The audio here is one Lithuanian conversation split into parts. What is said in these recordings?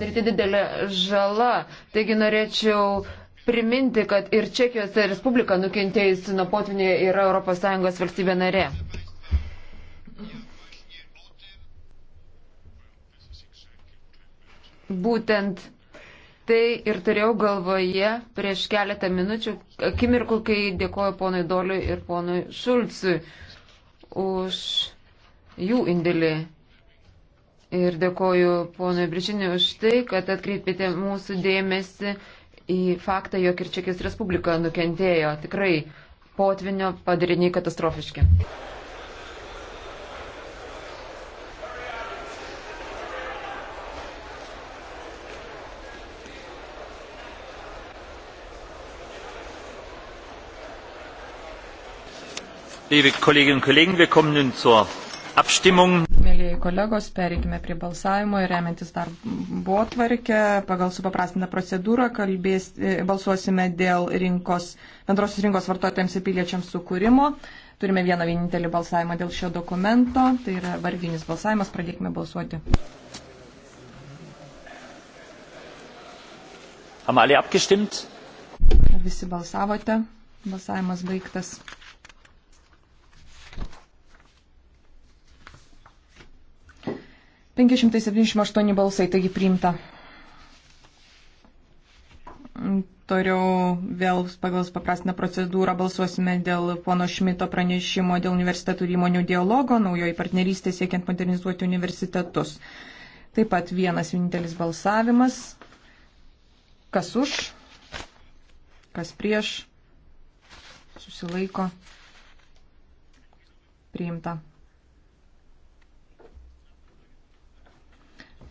patirti didelė žala. Taigi norėčiau priminti, kad ir Čekijos Respublika nukentėjusi nuo potvinio yra ES valstybė narė. Būtent tai ir turėjau galvoje prieš keletą minučių, akimirkų, kai dėkoju ponui Doliui ir ponui Šulcui už jų indėlį Ir dėkoju ponui Bričinė už tai, kad atkreipėte mūsų dėmesį į faktą, jog ir Čekijos Respublika nukentėjo tikrai potvinio padariniai katastrofiški. Liebe Kolleginnen und Kollegen, wir kommen nun zur Abstimmung kolegos, pereikime prie balsavimo ir remiantis darbo tvarkę. Pagal supaprastintą procedūrą kalbės, e, balsuosime dėl rinkos, bendrosios rinkos vartotojams ir piliečiams sukūrimo. Turime vieną vienintelį balsavimą dėl šio dokumento. Tai yra vardinis balsavimas. Pradėkime balsuoti. Ar visi balsavote? Balsavimas baigtas. 578 balsai, taigi priimta. Toriau vėl pagal paprastinę procedūrą balsuosime dėl pono Šmito pranešimo dėl universitetų ir įmonių dialogo, naujoji partnerystė siekiant modernizuoti universitetus. Taip pat vienas vienintelis balsavimas. Kas už, kas prieš, susilaiko, priimta.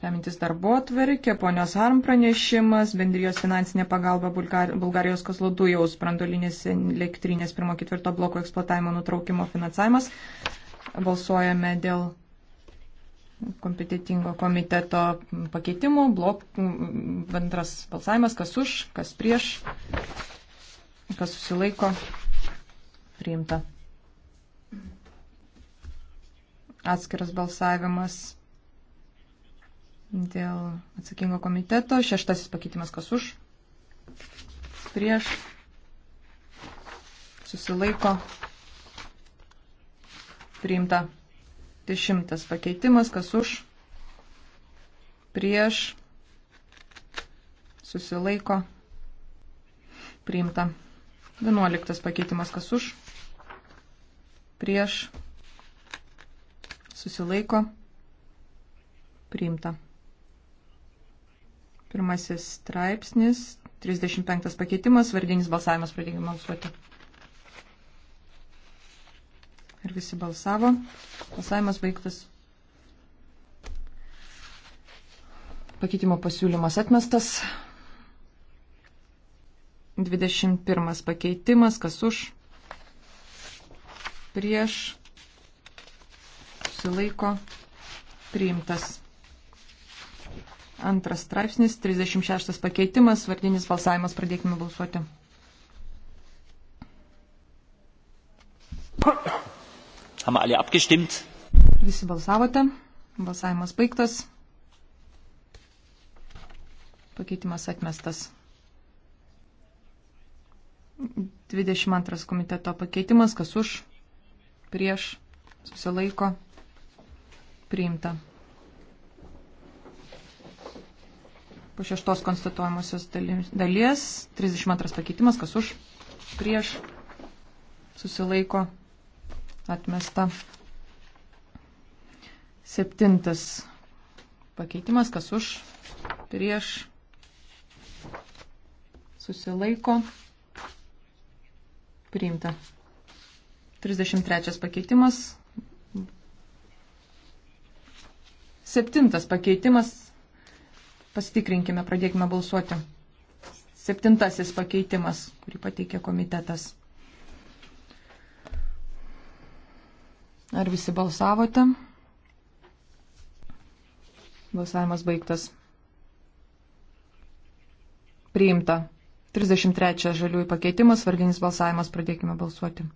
Remintis darbo atverkė, ponios Harm pranešimas, bendrijos finansinė pagalba Bulgar Bulgarijos koslodujaus brandolinės elektrinės 1-4 bloko eksploatavimo nutraukimo finansavimas. Balsuojame dėl kompetitingo komiteto pakeitimų, blok, bendras balsavimas, kas už, kas prieš, kas susilaiko, priimta. Atskiras balsavimas dėl atsakingo komiteto. Šeštasis pakeitimas kas už. Prieš. Susilaiko. Priimta. Dešimtas pakeitimas kas už. Prieš. Susilaiko. Priimta. Vienuoliktas pakeitimas kas už. Prieš. Susilaiko. Priimta. Pirmasis straipsnis, 35 pakeitimas, vardinis balsavimas pradėkime balsuoti. Ir visi balsavo. Balsavimas baigtas. Pakeitimo pasiūlymas atmestas. 21 pakeitimas, kas už, prieš, susilaiko, priimtas. Antras straipsnis, 36 pakeitimas, vardinis balsavimas, pradėkime balsuoti. Haben alle abgestimmt? Visi balsavote. Balsavimas baigtas. Pakeitimas atmestas. 22 komiteto pakeitimas, kas už, prieš, susilaiko, priimta. šeštos konstatuojamosios dalies, 32 pakeitimas, kas už, prieš, susilaiko, atmesta. Septintas pakeitimas, kas už, prieš, susilaiko, priimta. 33 pakeitimas. Septintas pakeitimas Pasitikrinkime, pradėkime balsuoti. Septintasis pakeitimas, kurį pateikė komitetas. Ar visi balsavote? Balsavimas baigtas. Priimta. 33 žaliųjų pakeitimas, vardinis balsavimas, pradėkime balsuoti.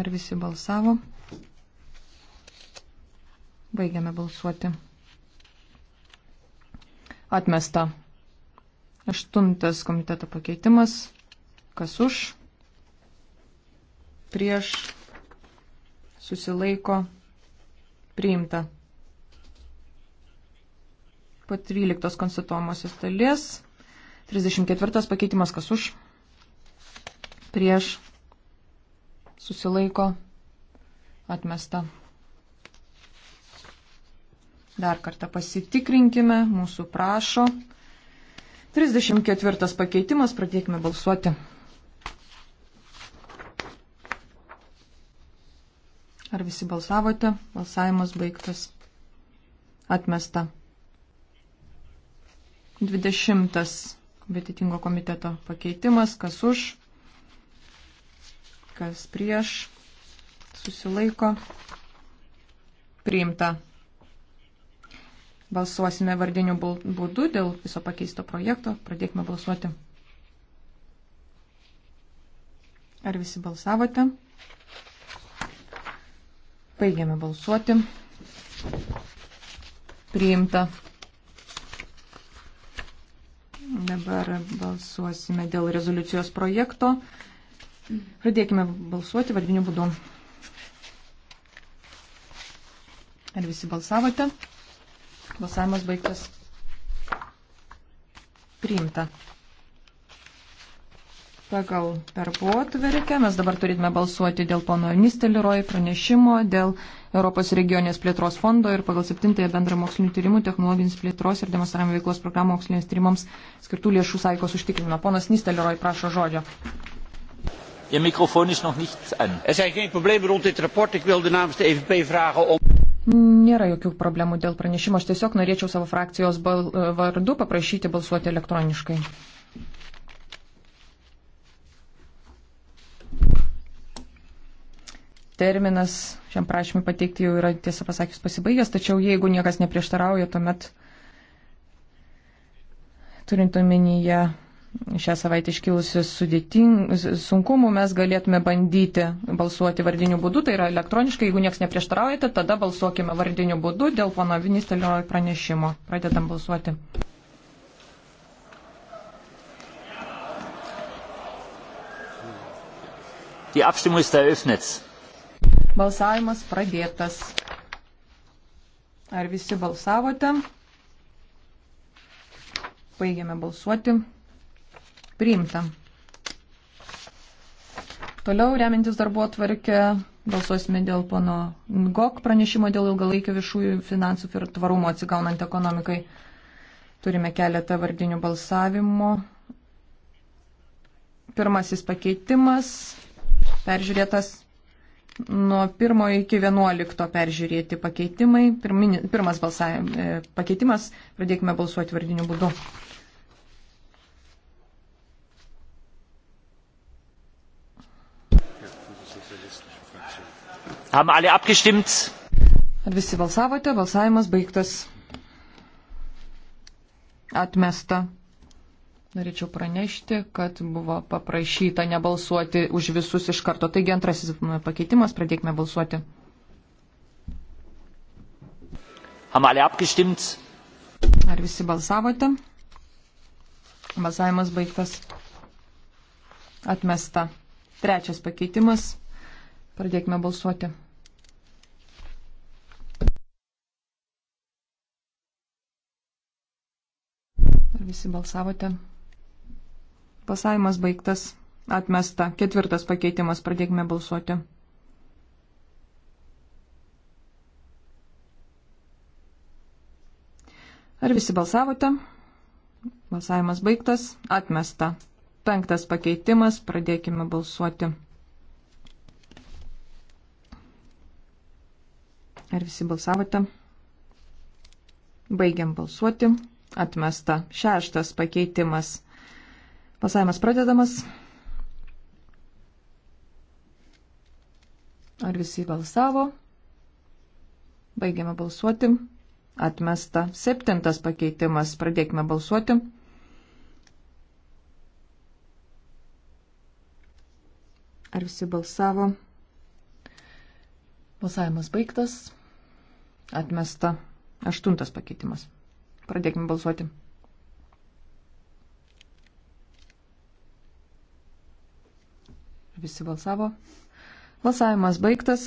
Ar visi balsavo? Baigiame balsuoti. Atmesta. Aštuntas komiteto pakeitimas. Kas už? Prieš. Susilaiko. Priimta. Po 13 konstatuomosios dalies. 34 pakeitimas. Kas už? Prieš. Susilaiko. Atmesta. Dar kartą pasitikrinkime, mūsų prašo. 34 pakeitimas, pradėkime balsuoti. Ar visi balsavote? Balsavimas baigtas. Atmesta. 20 kompetitingo komiteto pakeitimas, kas už, kas prieš, susilaiko, priimta. Balsuosime vardiniu būdu dėl viso pakeisto projekto. Pradėkime balsuoti. Ar visi balsavote? Baigiame balsuoti. Priimta. Dabar balsuosime dėl rezoliucijos projekto. Pradėkime balsuoti vardiniu būdu. Ar visi balsavote? Balsavimas baigtas. Priimta. Pagal darbuotverkę mes dabar turėtume balsuoti dėl pono Nisteliroj pranešimo, dėl Europos regionės plėtros fondo ir pagal 7 bendrą mokslinių tyrimų, technologinis plėtros ir demonstravimo veiklos programų moksliniams tyrimams skirtų lėšų saikos užtikrinimo. Ponas Nisteliroj prašo žodžio. Ihr Mikrofon ist noch nicht an. Er zijn geen problemen rond dit rapport. Ik wil de namens de EVP vragen om nėra jokių problemų dėl pranešimo. Aš tiesiog norėčiau savo frakcijos bal, e, vardu paprašyti balsuoti elektroniškai. Terminas šiam prašymui pateikti jau yra tiesą pasakius pasibaigęs, tačiau jeigu niekas neprieštarauja, tuomet turint omenyje šią savaitę iškilusius sunkumų mes galėtume bandyti balsuoti vardiniu būdu, tai yra elektroniškai, jeigu nieks neprieštaraujate, tada balsuokime vardiniu būdu dėl pono Vinistelio pranešimo. Pradedam balsuoti. Die Abstimmung ist eröffnet. Balsavimas pradėtas. Ar visi balsavote? Baigėme balsuoti. Priimta. Toliau remintis darbo atvarkė, balsuosime dėl pono Ngok pranešimo dėl ilgalaikio viešųjų finansų ir tvarumo atsigaunant ekonomikai. Turime keletą vardinių balsavimų. Pirmasis pakeitimas peržiūrėtas nuo 1 iki 11 peržiūrėti pakeitimai. Pirmini, pirmas balsavimas, e, pakeitimas, pradėkime balsuoti vardiniu būdu. Haben alle abgestimmt? Ar visi balsavote? Balsavimas baigtas. Atmesta. Norėčiau pranešti, kad buvo paprašyta nebalsuoti už visus iš karto. Taigi antrasis pakeitimas, pradėkime balsuoti. Ar visi balsavote? Balsavimas baigtas. Atmesta. Trečias pakeitimas. Pradėkime balsuoti. visi balsavote. Pasavimas baigtas. Atmesta. Ketvirtas pakeitimas. Pradėkime balsuoti. Ar visi balsavote? Balsavimas baigtas. Atmesta. Penktas pakeitimas. Pradėkime balsuoti. Ar visi balsavote? Baigiam balsuoti atmesta. Šeštas pakeitimas. Pasavimas pradedamas. Ar visi balsavo? Baigiame balsuoti. Atmesta. Septintas pakeitimas. Pradėkime balsuoti. Ar visi balsavo? Balsavimas baigtas. Atmesta. Aštuntas pakeitimas. Pradėkime balsuoti. Visi balsavo. Balsavimas baigtas.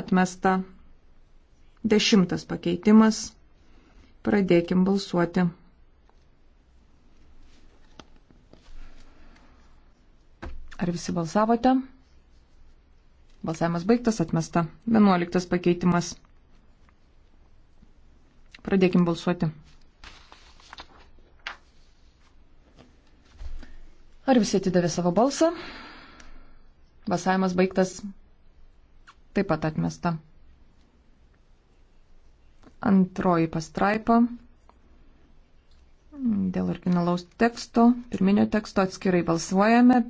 Atmesta. Dešimtas pakeitimas. Pradėkim balsuoti. Ar visi balsavote? Balsavimas baigtas, atmesta. Vienuoliktas pakeitimas. Pradėkim balsuoti. Ar visi atidavė savo balsą? Basavimas baigtas. Taip pat atmesta. Antroji pastraipa. Dėl originalaus teksto, pirminio teksto atskirai balsuojame.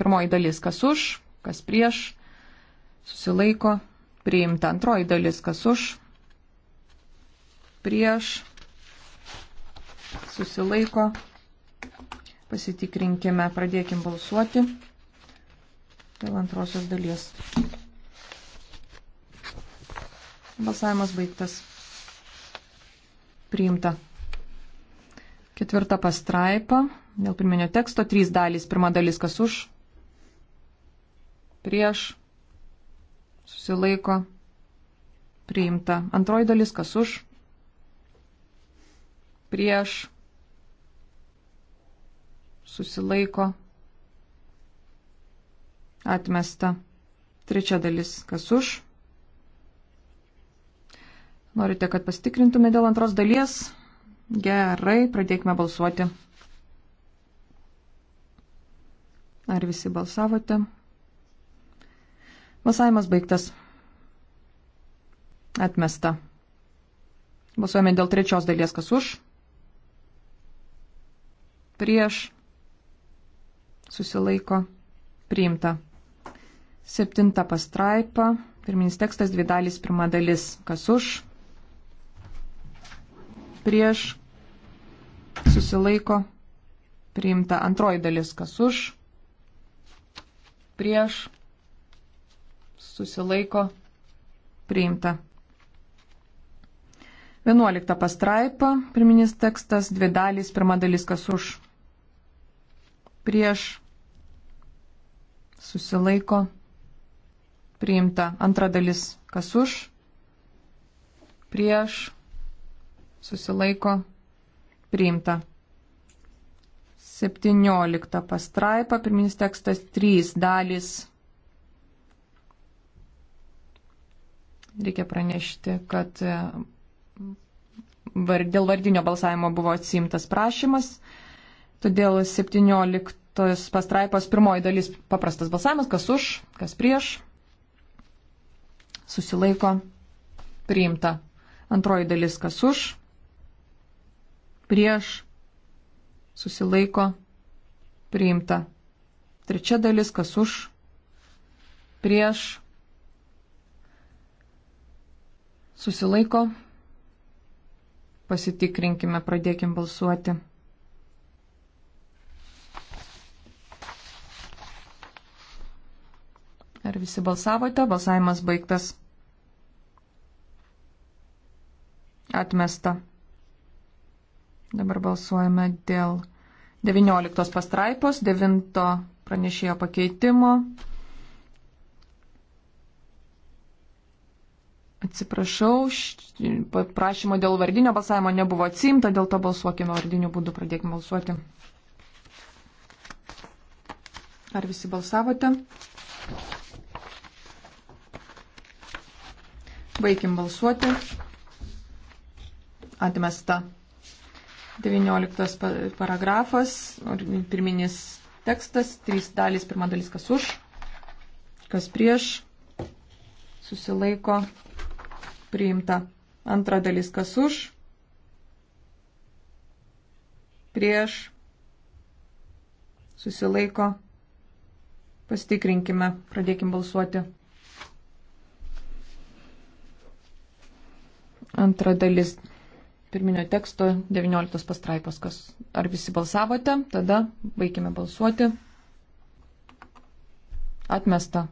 Pirmoji dalis, kas už, kas prieš, susilaiko, priimta antroji dalis, kas už, prieš, susilaiko, pasitikrinkime, pradėkim balsuoti dėl antrosios dalies. Balsavimas baigtas. Priimta. Ketvirta pastraipa. Dėl pirminio teksto trys dalys. Pirma dalis kas už. Prieš. Susilaiko. Priimta. Antroji dalis kas už prieš, susilaiko, atmesta. Trečia dalis, kas už. Norite, kad pastikrintume dėl antros dalies? Gerai, pradėkime balsuoti. Ar visi balsavote? Balsavimas baigtas. Atmesta. Balsuojame dėl trečios dalies, kas už prieš, susilaiko, priimta. Septinta pastraipa, pirminis tekstas, dvi dalys, pirma dalis, kas už, prieš, susilaiko, priimta. Antroji dalis, kas už, prieš, susilaiko, priimta. 11 pastraipa, pirminis tekstas, dvi dalys, pirma dalis kas už, prieš susilaiko priimta. Antra dalis kas už prieš susilaiko priimta. 17 pastraipa, pirminis tekstas 3 dalys. Reikia pranešti, kad e, dėl vardinio balsavimo buvo atsimtas prašymas. Todėl 17 pastraipos pirmoji dalis paprastas balsavimas, kas už, kas prieš, susilaiko, priimta. Antroji dalis, kas už, prieš, susilaiko, priimta. Trečia dalis, kas už, prieš, susilaiko, pasitikrinkime, pradėkim balsuoti. Ar visi balsavote? Balsavimas baigtas. Atmesta. Dabar balsuojame dėl 19 pastraipos, 9 pranešėjo pakeitimo. Atsiprašau, prašymo dėl vardinio balsavimo nebuvo atsimta, dėl to balsuokime vardiniu būdu, pradėkime balsuoti. Ar visi balsavote? Baigim balsuoti. Atmesta. 19 paragrafas, pirminis tekstas, 3 dalys, pirma dalis kas už, kas prieš, susilaiko, priimta. Antra dalis kas už, prieš, susilaiko, pastikrinkime, pradėkim balsuoti. Antra dalis pirminio teksto 19 pastraipos. Kas, ar visi balsavote? Tada baigime balsuoti. Atmesta.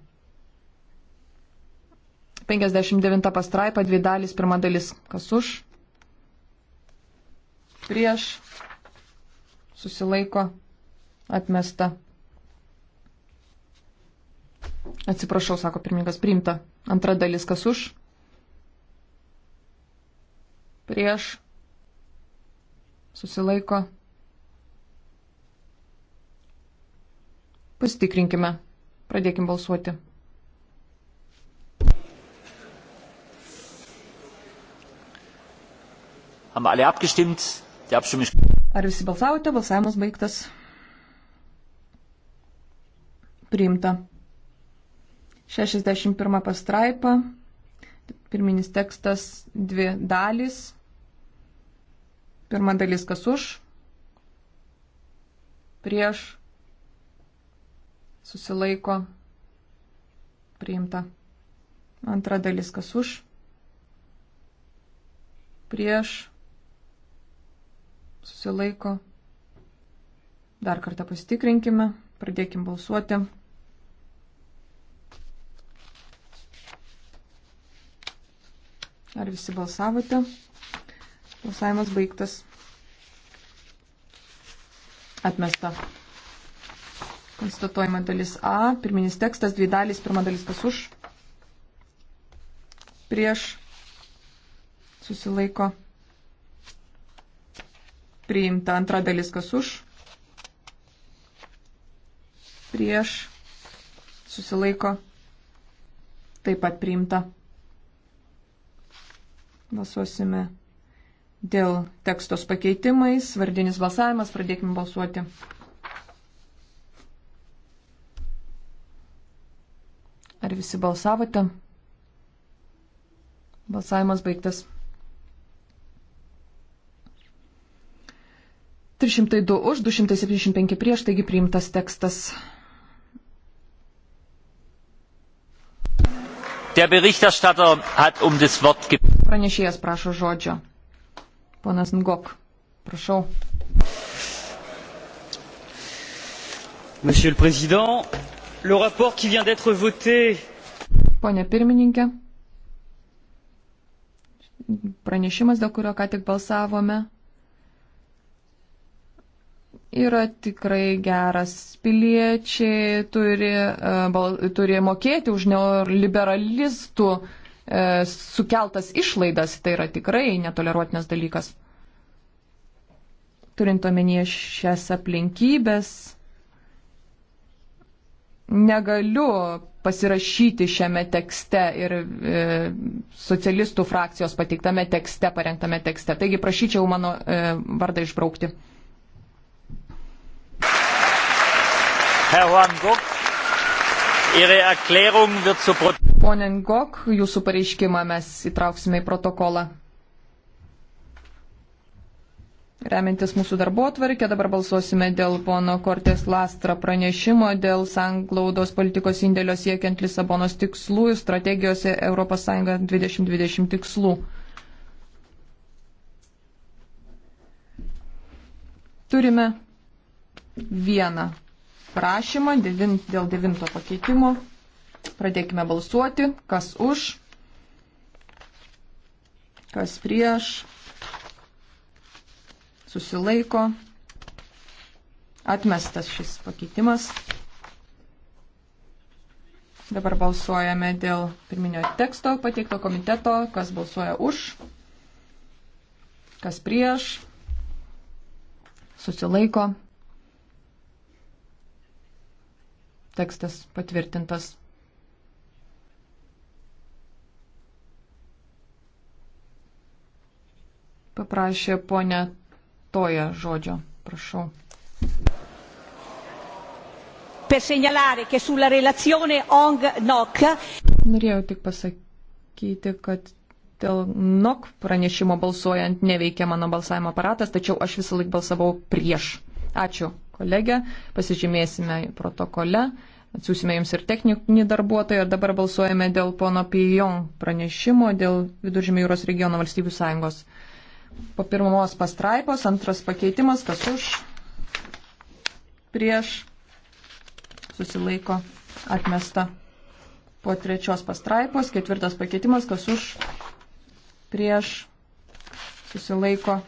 59 pastraipa, dvi dalys, pirma dalis. Kas už? Prieš. Susilaiko. Atmesta. Atsiprašau, sako pirmininkas, priimta. Antra dalis, kas už? prieš, susilaiko. Pasitikrinkime. Pradėkim balsuoti. Ar visi balsavote? Balsavimas baigtas. Priimta. 61 pastraipa. Pirminis tekstas dvi dalys. Pirma dalis kas už, prieš, susilaiko, priimta. Antra dalis kas už, prieš, susilaiko. Dar kartą pasitikrinkime, pradėkim balsuoti. Ar visi balsavote? Balsavimas baigtas. Atmesta. Konstatuojama dalis A. Pirminis tekstas, dvi dalys, pirma dalis kas už. Prieš. Susilaiko. Priimta antra dalis kas už. Prieš. Susilaiko. Taip pat priimta. Balsuosime Dėl tekstos pakeitimais, vardinis balsavimas, pradėkime balsuoti. Ar visi balsavote? Balsavimas baigtas. 302 už, 275 prieš, taigi priimtas tekstas. Um Pranešėjas prašo žodžio. Ponas Ngok, prašau. Monsieur le Président, le rapport qui vient d'être voté. Pone pirmininkė, pranešimas, dėl kurio ką tik balsavome, yra tikrai geras. Piliečiai turi, uh, bal, turi mokėti už neoliberalistų uh, E, sukeltas išlaidas, tai yra tikrai netoleruotinas dalykas. Turint omenyje šias aplinkybės, negaliu pasirašyti šiame tekste ir e, socialistų frakcijos pateiktame tekste, parengtame tekste. Taigi prašyčiau mano e, vardą išbraukti. Herr Hornburg, Ihre Erklärung wird zu Protokoll. Pone Ngok, jūsų pareiškimą mes įtrauksime į protokolą. Remiantis mūsų darbo atvarkė, dabar balsuosime dėl pono Kortės Lastra pranešimo dėl sanglaudos politikos indėlio siekiant Lisabonos tikslų ir strategijose ES 2020 tikslų. Turime vieną prašymą dėl devinto pakeitimo. Pradėkime balsuoti, kas už, kas prieš, susilaiko, atmestas šis pakeitimas. Dabar balsuojame dėl pirminio teksto pateikto komiteto, kas balsuoja už, kas prieš, susilaiko. Tekstas patvirtintas. paprašė ponė Toja žodžio. Prašau. Norėjau tik pasakyti, kad dėl NOK pranešimo balsuojant neveikia mano balsavimo aparatas, tačiau aš visą laiką balsavau prieš. Ačiū, kolegė, pasižymėsime protokole, atsiūsime jums ir techninį darbuotoją ir dabar balsuojame dėl pono Pijon pranešimo dėl Viduržymė jūros regiono valstybių sąjungos. Po pirmos pastraipos, antras pakeitimas, kas už, prieš, susilaiko, atmesta. Po trečios pastraipos, ketvirtas pakeitimas, kas už, prieš, susilaiko,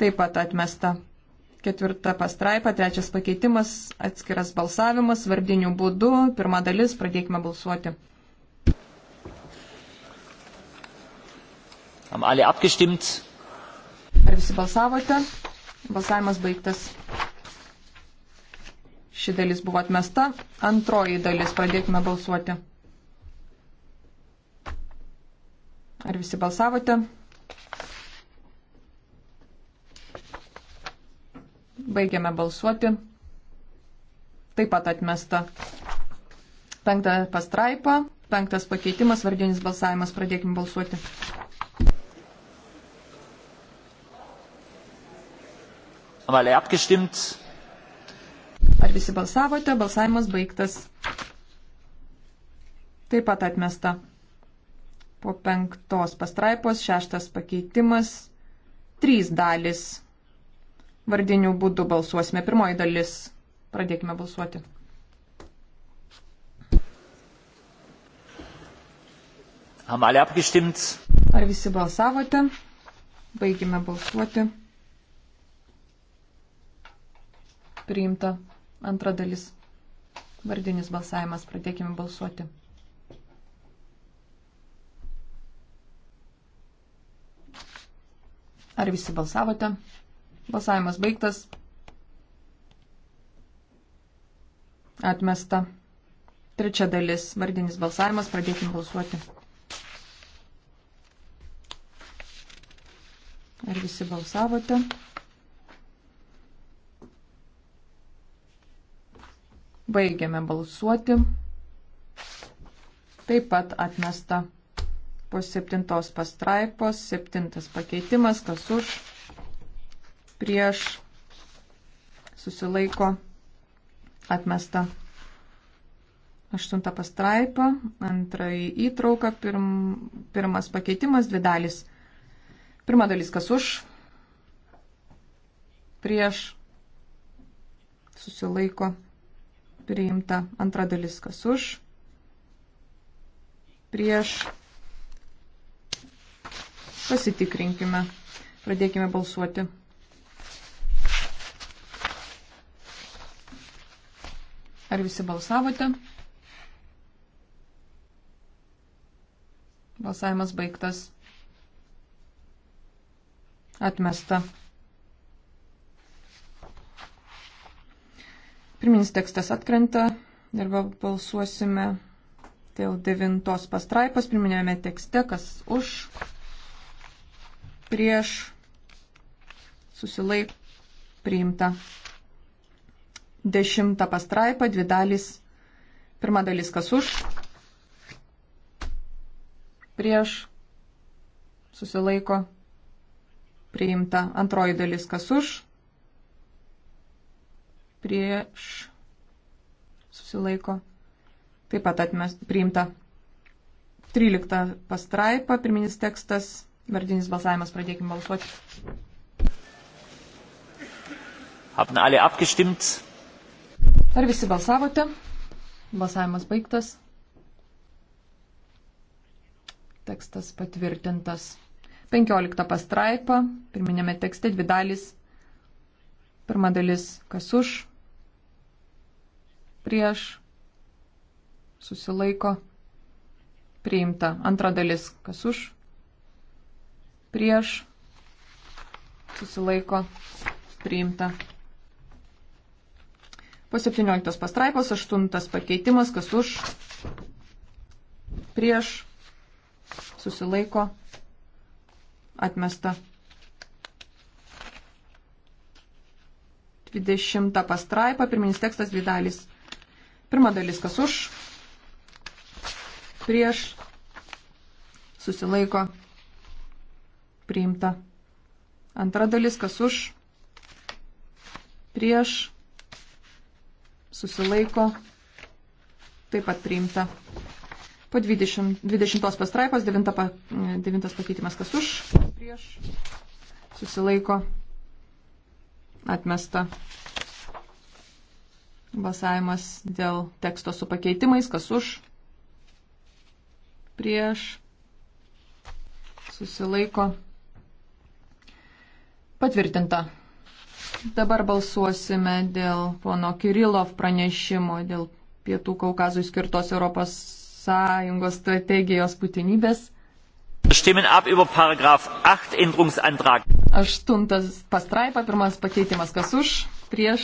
taip pat atmesta. Ketvirta pastraipa, trečias pakeitimas, atskiras balsavimas, vardinių būdų, pirma dalis, pradėkime balsuoti. haben alle abgestimmt. Ar visi balsavote? Balsavimas baigtas. Ši dalis buvo atmesta. Antroji dalis. Pradėkime balsuoti. Ar visi balsavote? Baigiame balsuoti. Taip pat atmesta. Penktą pastraipą, penktas pakeitimas, vardinis balsavimas. Pradėkime balsuoti. Haben alle abgestimmt? Ar visi balsavote? Balsavimas baigtas. Taip pat atmesta. Po penktos pastraipos šeštas pakeitimas. Trys dalis. Vardinių būdų balsuosime. Pirmoji dalis. Pradėkime balsuoti. Ar visi balsavote? Baigime balsuoti. Priimta antra dalis. Vardinis balsavimas. Pradėkime balsuoti. Ar visi balsavote? Balsavimas baigtas. Atmesta. Trečia dalis. Vardinis balsavimas. Pradėkime balsuoti. Ar visi balsavote? Baigiame balsuoti. Taip pat atmesta po septintos pastraipos, septintas pakeitimas, kas už, prieš, susilaiko, atmesta. Aštunta pastraipa, antroji įtrauka, pirm, pirmas pakeitimas, dvi dalis. Pirma dalis, kas už, prieš, susilaiko, atmesta priimta. Antra dalis kas už, prieš. Pasitikrinkime. Pradėkime balsuoti. Ar visi balsavote? Balsavimas baigtas. Atmesta. Pirminis tekstas atkrenta ir balsuosime dėl devintos pastraipos. Pirminėme tekste, kas už, prieš, susilaik, priimta. Dešimta pastraipa, dvi dalys. Pirma dalis, kas už, prieš, susilaiko, priimta. Antroji dalis, kas už, prieš susilaiko. Taip pat atmes, priimta 13 pastraipa, pirminis tekstas, vardinis balsavimas, pradėkime balsuoti. Haben alle abgestimmt? Ar visi balsavote? Balsavimas baigtas. Tekstas patvirtintas. 15 pastraipa, pirminėme tekste dvi dalys, Pirma dalis, kas už, prieš, susilaiko, priimta. Antra dalis, kas už, prieš, susilaiko, priimta. Po 17 pastraipos 8 pakeitimas, kas už, prieš, susilaiko, atmesta. 20 pastraipą, pirminis tekstas dvi dalys. Pirma dalis, kas už, prieš, susilaiko, priimta. Antra dalis, kas už, prieš, susilaiko, taip pat priimta. Po 20, 20 pastraipos 9, 9 pakeitimas, kas už, prieš, susilaiko, priimta Atmesta. Balsavimas dėl teksto su pakeitimais. Kas už? Prieš. Susilaiko. Patvirtinta. Dabar balsuosime dėl pono Kirilov pranešimo, dėl Pietų Kaukazui skirtos Europos Sąjungos strategijos būtinybės. Stimmen ab über Paragraf 8 Änderungsantrag. Aštuntas pastraipa, pirmas pakeitimas, kas už, prieš,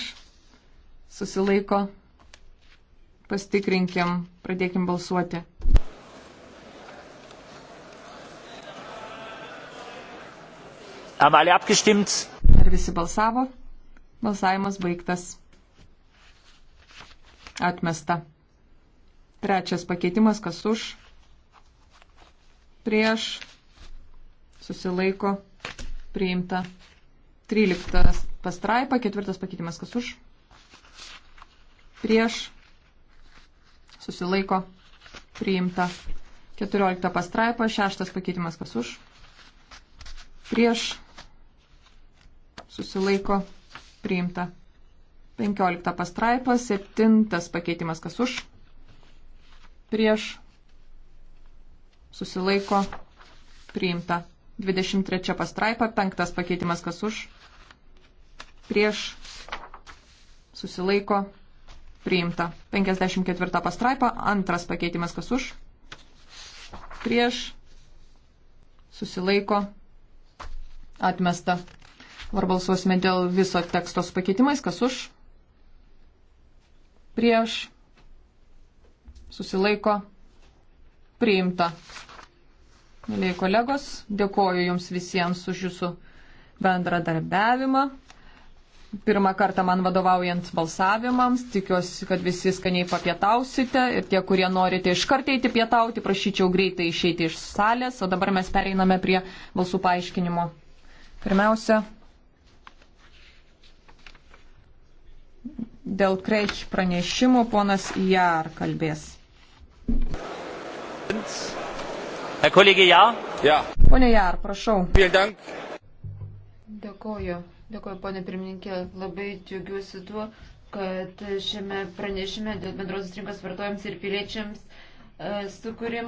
susilaiko. Pastikrinkim, pradėkim balsuoti. Ar visi balsavo? Balsavimas baigtas. Atmesta. Trečias pakeitimas, kas už, prieš, susilaiko priimta. 13 pastraipa, ketvirtas pakeitimas, kas už, prieš, susilaiko, priimta. 14 pastraipa, šeštas pakeitimas, kas už, prieš, susilaiko, priimta. 15 pastraipa, septintas pakeitimas, kas už, prieš, susilaiko, priimta. 23 pastraipa, penktas pakeitimas kas už, prieš, susilaiko, priimta. 54 pastraipa, antras pakeitimas kas už, prieš, susilaiko, atmesta. Var balsuosime dėl viso teksto su pakeitimais, kas už, prieš, susilaiko, priimta mėly kolegos, dėkoju Jums visiems už Jūsų bendradarbiavimą. Pirmą kartą man vadovaujant balsavimams, tikiuosi, kad visi skaniai papietausite ir tie, kurie norite iš karto eiti pietauti, prašyčiau greitai išeiti iš salės, o dabar mes pereiname prie balsų paaiškinimo. Pirmiausia, dėl kreik pranešimų ponas Jar kalbės. Thanks. Kolegė Jar. Ja. Pone Jar, prašau. Dėkoju. Dėkoju, ponė pirmininkė. Labai džiugiuosi tuo, kad šiame pranešime dėl bendrosios rinkos vartojams ir piliečiams e, sukūrėm